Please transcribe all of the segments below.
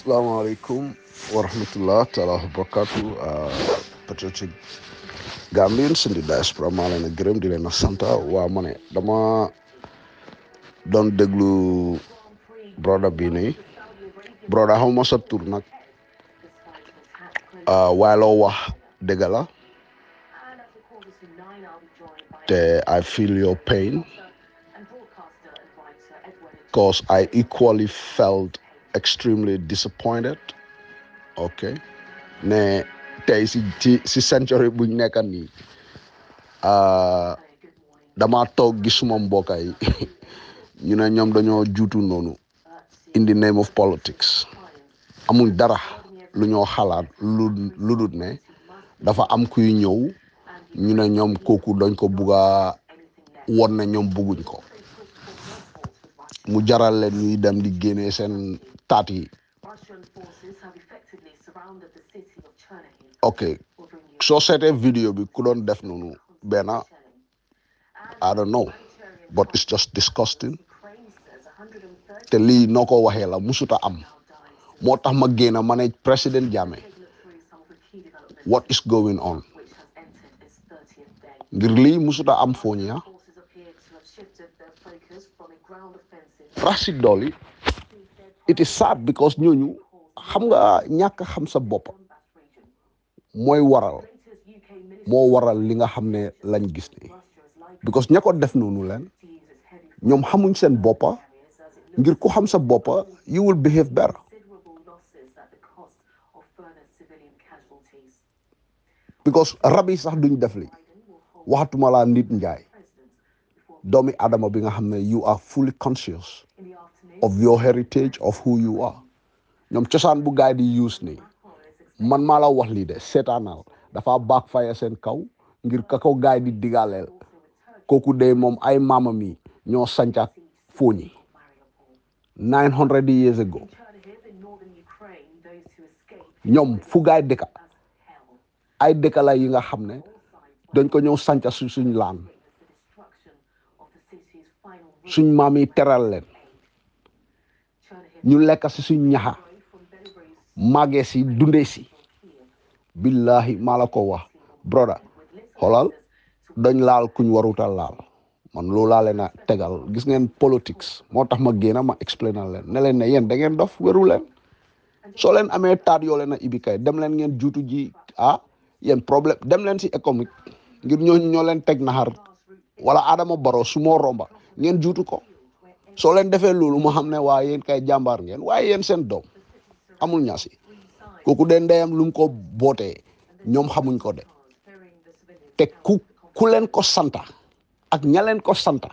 Assalamu alaikum wa ta'ala wabarakatuh. Uh, patriotic Gambians in the diaspora maa leen gërëm di leen santa sant waa dama don deglu brother bi nii broda xaw ma sa uh, waaye loo wax dëgg te I feel your pain cause I equally felt extremely disappointed ok ne tey si ci si century buñ nekkan nii ah, dama toog gisuma mbokk ñu ne ñoom dañoo juutu noonu indi the name of politics amuñ dara lu ñoo xalaat lu lu dut ne dafa am kuy ñëw ñu ne ñoom koku dañ ko bugg a won ne ñoom bugguñ ko mu jaral leen ñuy dem di génne seen 30. ok soo seetee vidéo we couldn't definitely noonu benn I don't know but it's just disgusting te lii noo ko waxee la musuta am moo tax ma génn ma ne président Jame? what is going on ngir lii musuta am fooñi rax si dolli it is sad because ñooñu xam nga ñàkk xam sa boppa mooy waral moo waral li nga xam ne lañ gis ni because ña ko def noonu leen ñoom xamuñ seen boppa ngir ku xam sa boppa you will behave better because rab yi sax duñ def li waxatuma laa nit njaay doomi adama bi nga xam ne you are fully conscious of your heritage of who you are ñoom cosaan bu gaay di use ni man ma la wax lii de seetaanal dafa backfire seen kaw ngir ka ko gaay di digaaleel kooku de moom ay maamam yi ñoo sancaat fooñi nine hundred years ago ñoom fu gaay dëkka ay dëkka la yi nga xam ne dañ ko ñëw sanca su suñ laan suñ maam yi teral leen ñu lekk si suñ ñaxa màggee si dundee si billahi maa la ko wax broda holal dañ laal kuñ warutal laal man loolu laa leen a tegal gis ngeen politics moo tax ma génn ma explainer leen ne leen ne yéen da ngeen dof wéru leen soo leen amee taat yoo leen a ibi kay dem leen ngeen juutu ji ah yéen problème dem leen si économique ngir ñooñu ñoo leen teg naxar wala Adama Baro su moo romba ngeen juutu ko soo leen defee loolu mu xam ne waa yéen kay jàmbaar ngeen waaye yéen seen doom amul ñaasi kooku de ndeyam lu mu ko bootee ñoom xamuñ ko de te ku ku leen ko santa ak ña ko santa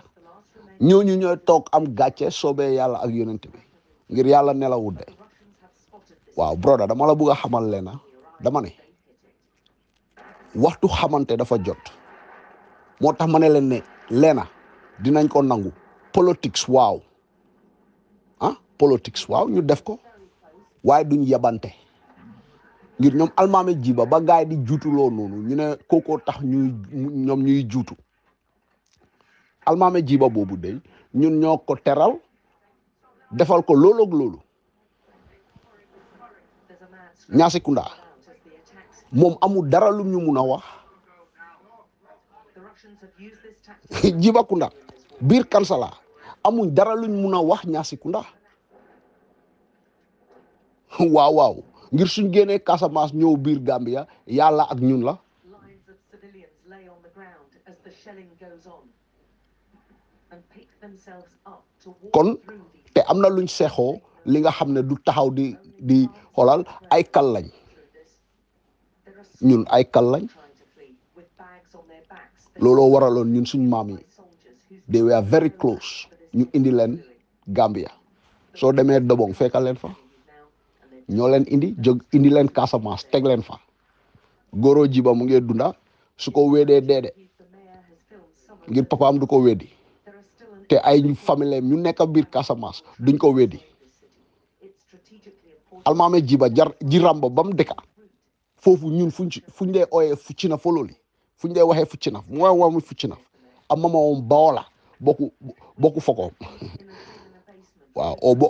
ñooñu ñooy toog am gàcce soobee yàlla ak yonent bi ngir yàlla ne de waaw broda dama la bëgg xaman xamal leen dama ne waxtu xamante dafa jot moo tax ma ne leen ne leena dinañ ko nangu politics waaw ah waaw ñu def ko waaye duñ yebante ngir ñoom almaame jiba ba gaay di juutuloo noonu ñu ne kookoo tax ñuy ñoom ñuy juutu almaame jiba boobu de ñun ñoo ko teral defal ko loolu lolu loolu Ñaasikunda moom amul dara lu ñu mun a wax Jibakunda biir kansala amuñ dara luñ mun a wax ndax waaw waaw ngir suñ génnee casamance ñëw biir gambia yàlla ak ñun la kon te am na luñ seexoo li nga xam ne du taxaw di di xolal ay kal lañ ñun ay kal lañ looloo waraloon ñun suñ maam yi they were very close ñu indi leen Gambia soo demee Dobong fekka leen fa ñoo leen indi jóg indi leen Casamance teg leen fa Goro Jiba mu ngi dunda su ko weedee deede ngir papaam du ko weddi te ay famille ñu nekk biir Casamance duñ ko weddi almaame jiba jar jiramba ba mu dëkka foofu ñun fuñ ci fuñ dee ooyee fucci na fololi fuñ dee waxee fucci na mu wa wa mu fucci na amma ma woon bawola boku boku foko waaw o bo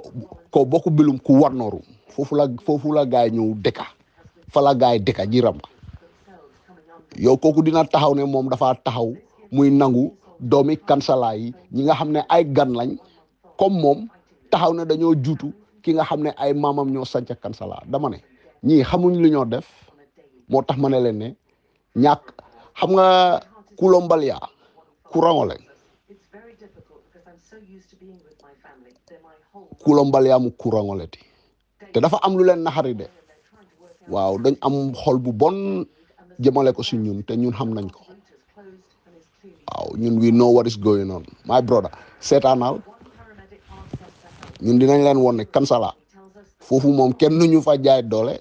ko boku bilum ku warnoru foofu la foofu la gaay ñëw dëkka fa la gaay dëkka jiram yow kooku dina taxaw ne moom dafa taxaw muy nangu doomi kansala yi ñi nga xam ne ay gan lañ comme moom taxaw ne dañoo juutu ki nga xam ne ay maamam ñoo sanca kansala damane ne ñii xamuñ lu ñoo def moo tax ma ne leen ne ñàkk xam nga kulombalia courant lañ kulombali amu kurangoleti te dafa am lu leen naxari de waaw dañ am xol bu bon jëmale ko si ñun te ñun xam nañ ko ñun we know what is going on my brother seetaanal ñun dinañ leen woon ne kansala foofu moom kenn ñu fa jaay doole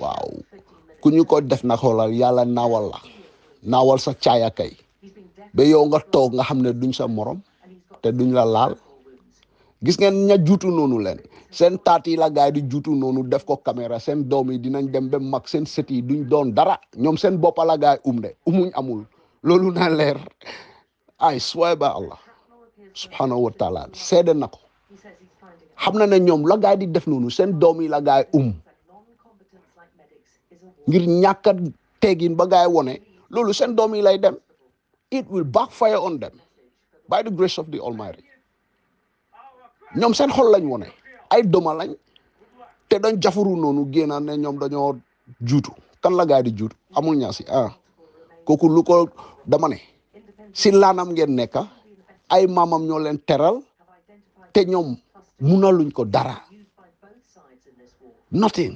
waaw ku ñu ko def na xoolal yàlla naawal naawal sa caaya kay ba yow nga toog nga xam ne duñ sa morom te duñ la laal gis ngeen ña juutu noonu leen seen taat yi la gaay di juutu noonu def ko caméra seen doom yi dinañ dem ba mak seen sët yi duñ doon dara ñoom seen boppa la gaay um de umuñ amul loolu na leer ay swear ba allah subhanahu wa taala seede na ko xam na ñoom la di def noonu seen doom yi la gaay um ngir ñàkk tegin teggin ba gaay wone loolu seen doom yi lay dem it will backfire on them by the grace ñoom seen xol lañ wone ay doma lañ te dañ jafuru noonu génnaan ne ñoom dañoo juutu kan la gaa di juut amul ñaa si ah kooku lu ko dama ne si laanam ngeen nekk ay maamam ñoo leen teral te ñoom luñ ko dara nothing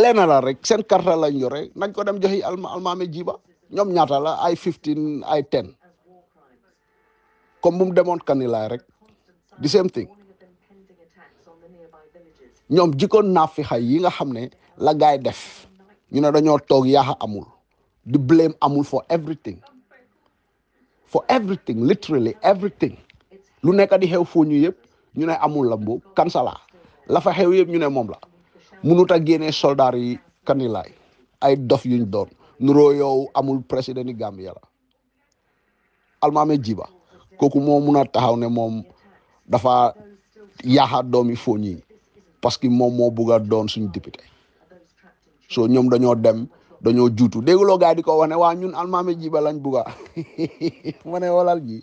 leena laal rek seen karta lañ yore nañ ko dem joxi alma almaame jiba ñoom ñaata la ay fifteen ay ten comme bu mu demoon Kanilai rek the same thing ñom jiko nafiha yi nga xamne la gay def ñu na dañoo tok ya amul di blame amul for everything for everything literally everything lu nekk di xew fo ñu yeb ñu ne amul la kan sala la fa xew yeb ñu ne mom la munut a génnee soldaar yi Kanilai ay dof yuñ doon nuroo yow amul president Gambia la almaame jiba kooku moo mun a taxaw ne moom dafa yaaxa doomi fooñ yi parce que moom moo bugg doon suñu député so ñoom dañoo dem dañoo juutu dégguloo gars di ko wane waa ñun almaami jiba lañ bugga ma ne walal ji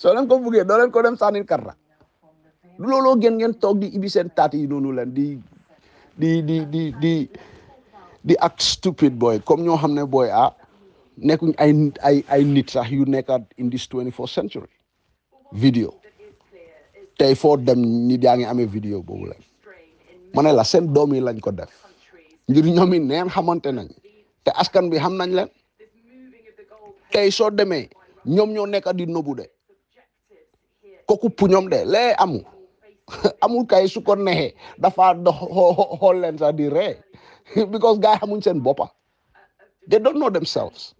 soo leen ko buggee doo ko dem sànni karta du looloo gën ngeen toog di ibi seen taat yi noonu leen di di di di ak stupid boy comme ñoo xam ne boy ah nekkuñ ay ay ay nit sax yu nekkaat in this twenty fourth century vidéo tey foo dem nit yaa ngi amee vidéo boobu la ma ne la seen doom yi lañ ko def ngir ñoom yi neen xamante nañ te askan bi xam nañ leen tey soo demee ñoom ñoo nekk di nobu de kooku pu ñoom de lee amul amul kay su ko neexee dafa dox xool leen sax dire ree because gars yi xamuñ seen boppa they don't know themselves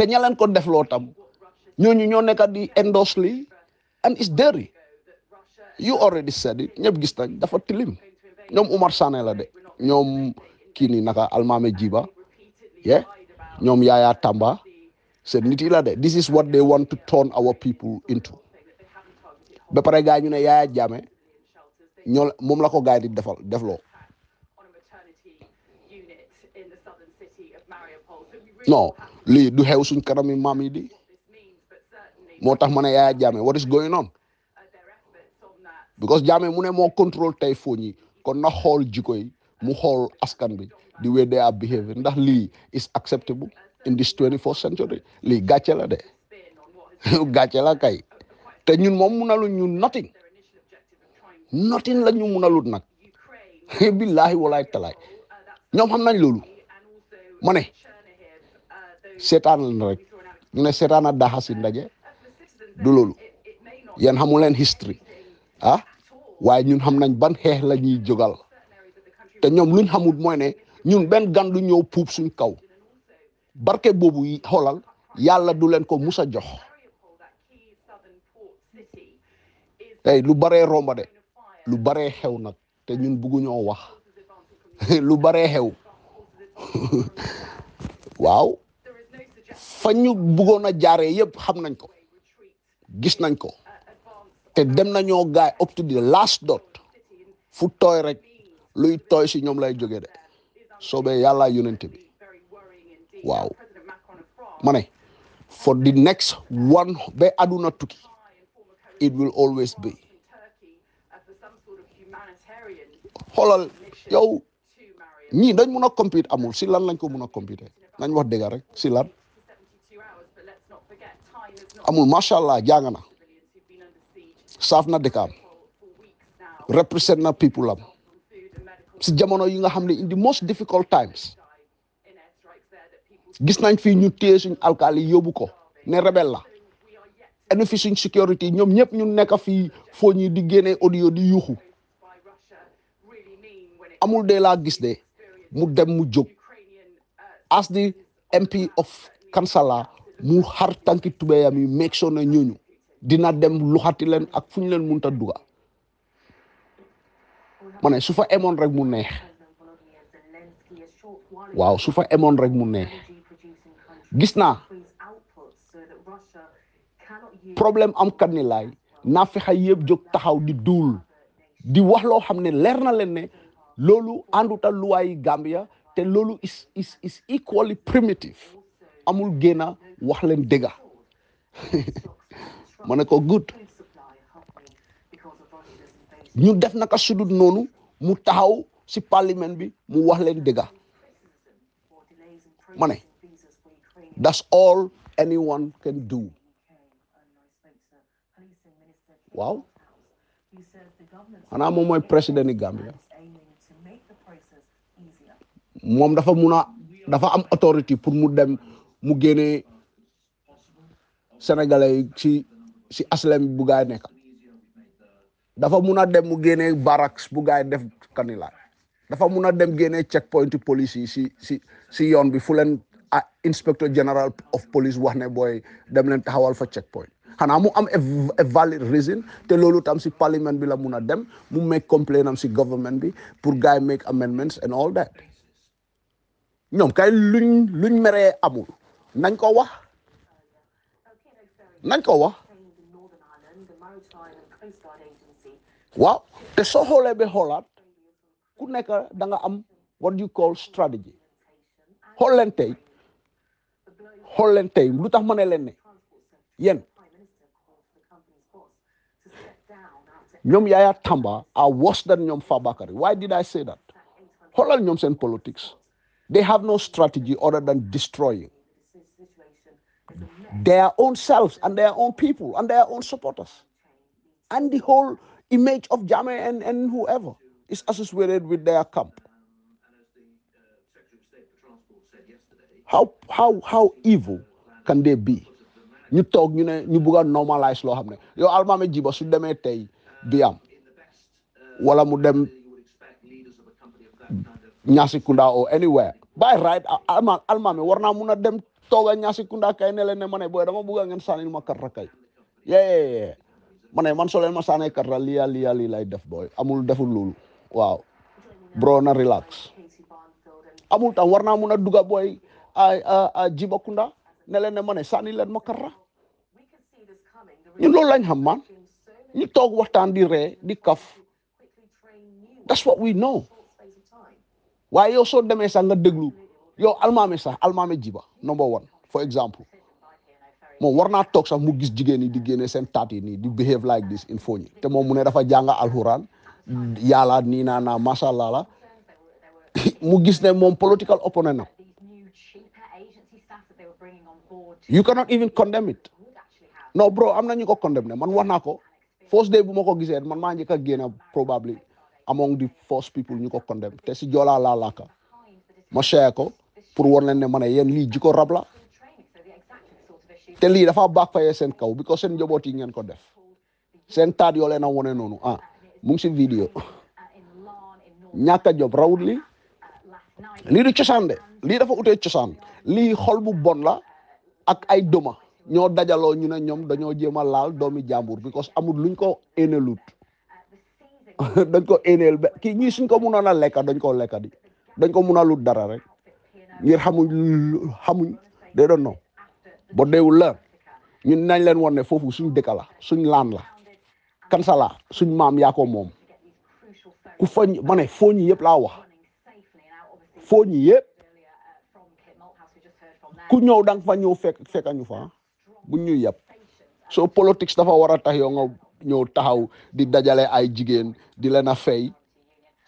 te ña ko defloo tam ñooñu ñoo nekk di endorse li and it's dirty you already said it ñëpp gis nañ dafa tilim ñoom Umar Sané de ñoom kii nii naka Almame Jiba yeah ñoom Yaya Tamba seen nit yi la de this is what they want to turn our people into ba pare ñu ne Yaya Jammeh ñoo moom la ko gaay di defloo lii du xew suñ kanami maam yi di moo tax ma ne Yaya Jammeh what is going on because Jammeh mu ne moo contrôle tey fooñ yi kon na xool jikko yi mu xool askan bi di way they are behaving ndax lii is acceptable in this twenty first century lii gàcce la de gàcce la kay te ñun moom munaluñ ñun nothing nothing la ñu munalut nag billahi walaay talaay ñoom xam nañ loolu ma ne seetaan la rek ñu ne seetaan a ndaje du loolu yéen xamu leen history ah waaye ñun xam nañ ban xeex la ñuy jógal te ñoom luñ xamul mooy ne ñun benn gan du ñëw puub suñ kaw barke boobu yi xoolal yàlla du leen ko mus a jox tey lu baree rombade lu baree xew nag te ñun bëgguñoo wax lu baree xew waaw fa ñu bëggoon a jaaree yëpp xam nañ ko gis nañ ko te dem nañoo gaay up to the last dot fu tooy rek luy tooy si ñoom lay jógee de soobee yàlla yonent bi waaw ma ne for the next one ba aduna tukki it will always be xoolal yow ñii dañ mun a compete amul si lan lañ ko mun a compete nañ wax dëgg rek amul macha allah jàng na saaf na dëkkaam represent na people am si jamono yi nga xam ne in the most difficult times gis nañ fi ñu téye suñ alkaali yóbbu ko ne rebel la ene fi suñ sécurité ñoom ñëpp ñu nekk fii foo ñii di génne audio di yuuxu amul de gis de mu dem mu jóg as the MP of Kansala mu xar tànki ya yi meeg soo na ñooñu dina dem luxati leen ak fu leen munta duga mané su fa emoon rek mu neex waaw su fa rek mu neex gis naa problème am kat ni laay naa fexe yëpp jóg taxaw di duul di wax loo xam ne leer na leen ne loolu luwaayi Gambia te loolu is is is equally primitive amul gena wax len dega ma ko good ñu def naka sudut nonu mu taxaw si parliament bi mu wax len dega mané that's all anyone can do wow ana moom moy president ni Gambia mom dafa muna dafa am authority pour mu dem mu génnee sénégalais ci si aslem bu gaay dafa mun a dem mu génnee barracks bu gaay def kanila dafa mun a dem génnee checkpoint police yi si si si yoon bi fu leen ah inspector general of police wax ne booy dem leen taxawal fa checkpoint xanaa mu am a valid reason te loolu tam si parliament bi la mun a dem mu make complain am si government bi pour gaay make amendments and all that ñoom kay luñ luñ meree amul Nanko wa, Nanko wa, có the soho te soo xoolee ba xoolaat am what you call strategy Holland leen Holland xool leen tey lu ne leen ne Yaya Tamba are worse than ñoom Fabakary why did I say that Holland ñoom seen politics they have no strategy other than destroying their own selves and their own people and their own supporters and the whole image of Jame and, and whoever is associated with their camp. How how how evil can they be? You talk, you ne you bugg normalize loo xam Yo alma me jiba su deme tey biam. wala mu dem Ñaasi Kunda or anywhere by right alma alma me mun a dem toga nyasi kunda nele ne mane boe boy dama buga ngen sani ma kar ye ye ye Mane man solen ma sani kar li lia lia lai def boy amul deful lolu Wow. bro na relax amul ta warna muna duga boy a a jiba kunda ne mane sani len ma kar ñun loolu lañ xam man ñu di re di kaf that's what we know why you so demesa sax nga Yo, almaami sax almaami jiba number one for example mo warna tok sax mu gis jigéen yi di génne sen taat ni di behave like this in foo ñi te moom mu ne dafa jang alxuraan yàlla ni na naa macha allah la mu gis ne mom political opponent na you cannot even condemn it no bro am na ñu ko condemn man warna ko first day bu mako gisé man ma ñi ka génn probably among the first people ñu ko condemn te si la la ka ma share pour war leen ne ma ne yéen lii jiko rab la te lii dafa backfire seen kaw bi ko seen njaboot yi ngeen ko def seen taat yoo leen a wone noonu ah mu ngi si vidéo ñàkk a job rawut lii lii du cosaan de lii dafa ute cosaan lii xol bu bon la ak ay doma ñoo dajaloo ñu ne ñoom dañoo jéem a laal doomi jàmbur because amul luñ ko éneelut dañ ko éneel ba kii ñii suñ ko mënoon a lekka dañ koo lekka di dañ ko mun a luut dara rek ngir xamuñ xamuñ day doon non ba deewul la ñun nañ leen wan ne foofu suñ dëkka la suñ laan la kansala suñ maam yaa moom ku fañ ma ñi yëpp laa wax foo ñi yëpp ku ñëw danga fa ñëw fekk ñu fa bu ñu yàpp soo politique dafa war a tax yow nga ñëw taxaw di dajale ay jigéen di leen a fay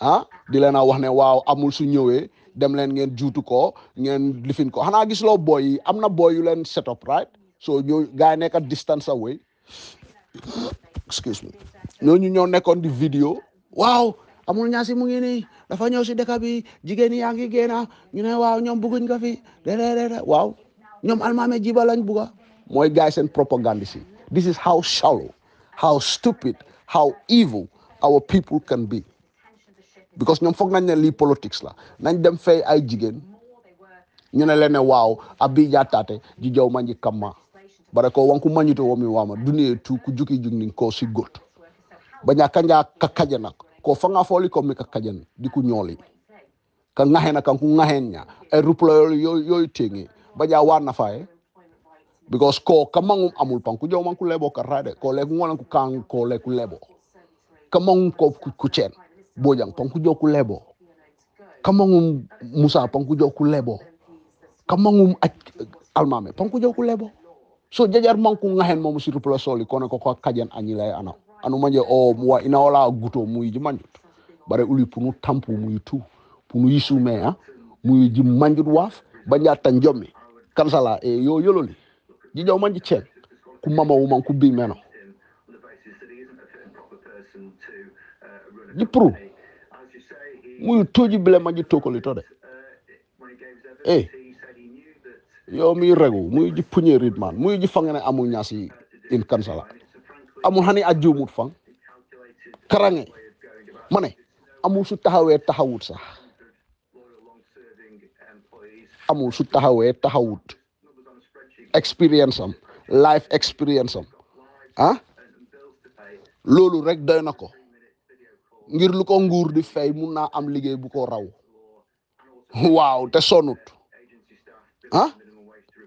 ah di leen a wax ne waaw amul su ñëwee dem leen ngeen juutu ko ngeen lifin ko xanaa gis loo booyi am na booy yu leen set up right so ñoo gaa yi nekk at distance away excuse me ñooñu ñoo nekkoon di vidéo waaw amul ñaasi mu ngi nii dafa ñëw si dëkk bi jigéen yaa ngi génna ñu ne waaw ñoom bëgguñ ko fi déedéet waaw ñoom almaame jiba lañ bugga mooy gaay seen propagande si this is how shallow how stupid how evil our people can be because ñoom foog nañ ne lii politics la nañ dem fay ay jigéen ñu ne leen ne waaw abi jaataate ji jaw ma nji kamma bare ko wanku mañito womi wama duniye tu ku juki ko si got kanja kakaje ko fanga foli ko mi kakajen diku nyoli ka ngahe na kan ku ngahe nya e ruplo yo because ko kamangu amul pan man ku lebo ko le ngona ku ko le ku lebo ko ku Bojang pankujo kulebo kamangum Musa pankujo kulebo kamangum almame pankujo kulebo so jajar manku ngahen momu situ pula soli kono ko kajan anyila ana anu manje o oh, muwa ina wala guto mu yiji manjut bare uli punu tampu mu yitu punu yisu mea mu banja tanjomi kansala eh, yo yololi jijaw manji chen kumama wuman kubi Di pro muy toji ma maji tokoli de eh yo mi regu muy ji puñe ritman muy ji fangene amul ñasi in kansala amul hani mut fang karange mané amul su taxawé taxawut sax amul su taxawé taxawut experience am life experience am ah lolou rek doyna ko ngir lu ko nguur di fay mun na am liggey bu ko raw waaw te sonut ah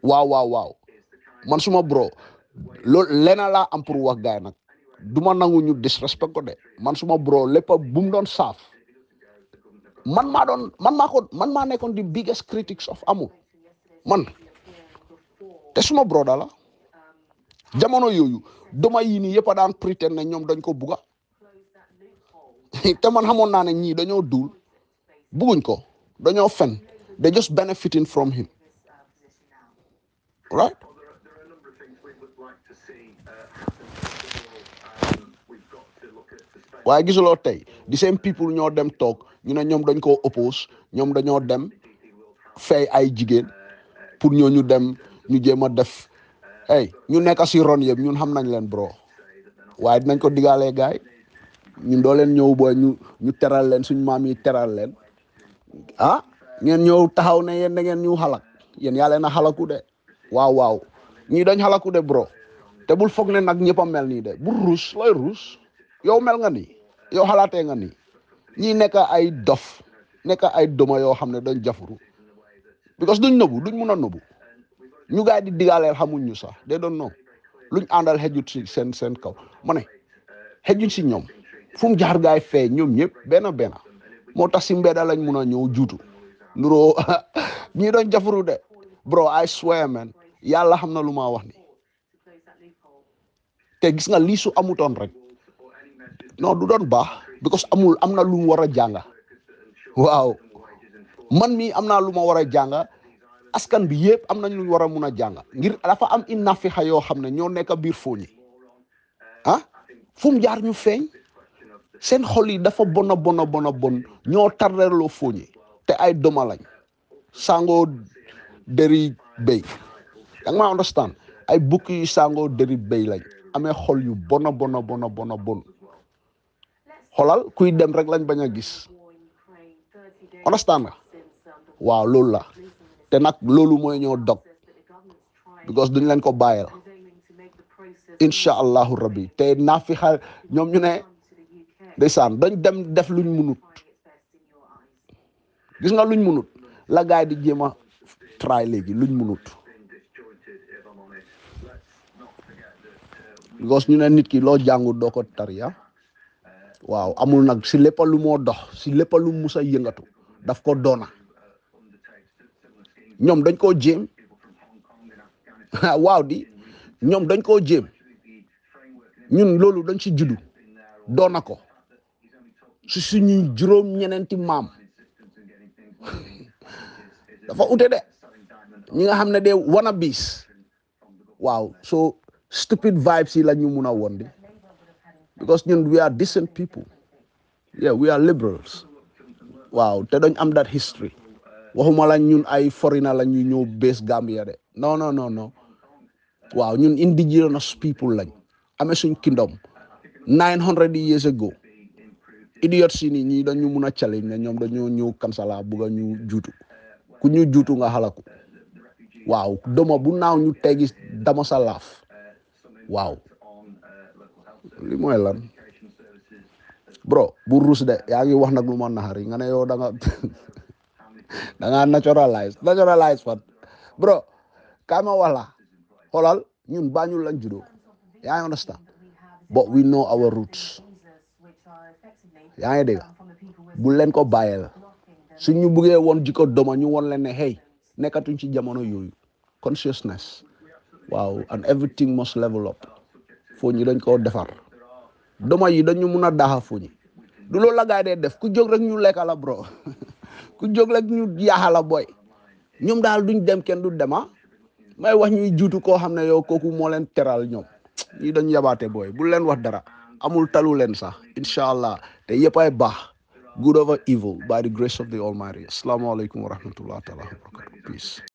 waaw waaw waaw man suma bro lena la am pour wax gay nak duma nangu ñu disrespect ko de man suma bro lepp bu mu saf saf man ma don man maa man ma nekkon di biggest critics of amu man te suma bro dala jamono yuyu duma yini nii daan pretend ne ñom dañ ko buga te man xamoon naa ne ñii dañoo duul bugguñ ko dañoo fen they just benefiting from him right. waaye gisuloo tey the same people ñoo dem toog ñu ne ñoom dañ koo oppose ñoom dañoo dem fay ay jigéen pour ñoo ñu dem ñu jéem a def hey ñu nekka si ron yëpp ñun xam nañ leen bro waaye dinañ ko digaalee gaay ñun doo leen ñëw booy ñu ñu teral leen suñ maam yi teral leen ah ngeen ñëw taxaw ne yéen da ngeen ñu xalak yéen yaa leen a xalaku de waaw waaw ñii dañ xalaku de bro te bul foog ne nag ñëpp a mel nii de bu ruus looy ruus yow mel nga nii yow xalaatee nga nii ñii nekk ay dof nekk ay doma yoo xam ne dañ jafuru because duñ nëbu duñ mun a nëbu ñu gaay di digaaleel xamuñ ñu sax de doon noonu luñ àndal xejut si seen seen kaw ma ne xejut si ñoom Fum mu jaar gaay nyep ñoom ñëpp ben benn moo tax si mbedda lañ mëna ñew juutu ñi doon jafuru de bro I swear man yalla xamna luma wax ni te gis nga lii su amutoon rek non du doon bax because amul amna lu mu war a waaw man mi amna lu askan bi amna amna lu war a mun ngir dafa am inna yoo xam ne nekk bir ah Fum mu jaar ñu feñ Sen xol yi dafa bona bona bona bon ñoo tarreerloo fooñi te ay doma lañ sango deri bay da nga understand ay bukki yu sango deri bay lañ amé xol yu bona bona bona bona bon xolal kuy dem rek lañ baña gis understand wa waaw la te nak loolu moy ñoo dog because duñ leen ko bayal inshallah allahu rabbi te naa fi xal ñu ne ndeysaan dañ dem def luñ munut gis nga luñ munut la gaay di jéem a léegi luñ munut because ñu ne nit ki loo jàngut doo ko tariya ah? waaw amul nag si lépp dox si lépp lu musa yëngatu daf ko doona ñoom dañ koo jéem waaw di ñoom dañ koo jéem ñun loolu dañ ci juddu doona ko su suñuy juróom ñeneenti maam dafa ute de ñi nga xam ne de wanna bis waaw so stupid vibes si la ñu mun a woon di because ñun we are decent people yeah we are liberals waaw te dañ am that history waxuma la ñun ay foreigner la ñu ñëw base Gambia de non non non non waaw ñun indigenous people lañ amee suñ kingdom nine hundred years ago idiot si ni ñi dañu mun challenge ne ñoom dañoo ñëw kansala nga ñu jutu ku ñu jutu nga halaku waaw doma bu naaw ñu teggi dama sa laaf waaw li moy lan bro bu rus de ya ngi wax nak lu ma naxari nga ne yo da nga da nga naturalize naturalize fat bro kama wala holal ñun bañu lañ judo yaa understand but we know our roots yaa ngi dégg bu leen ko bàyyeel su ñu buggee woon jikko doma ñu woon leen ne hey nekkatuñ ci jamono yooyu consciousness waaw and everything must level up foo ñi dañ koo defar doma yi dañu mun a daaxa fu ñi du loolu la dee def ku jóg rek ñu lekka la bro ku jóg rek ñu yaaxa boy ñoom daal duñ dem kenn du dema ah. may wax ñu juutu koo xam ne yow kooku moo leen teral ñoom ñii dañ yabaate booy bu leen wax dara amul talu leen sax incha allah te yëpp ay baax good over evil by the grace of the almighty asalaamaaleykum wa rahmatullah taala wa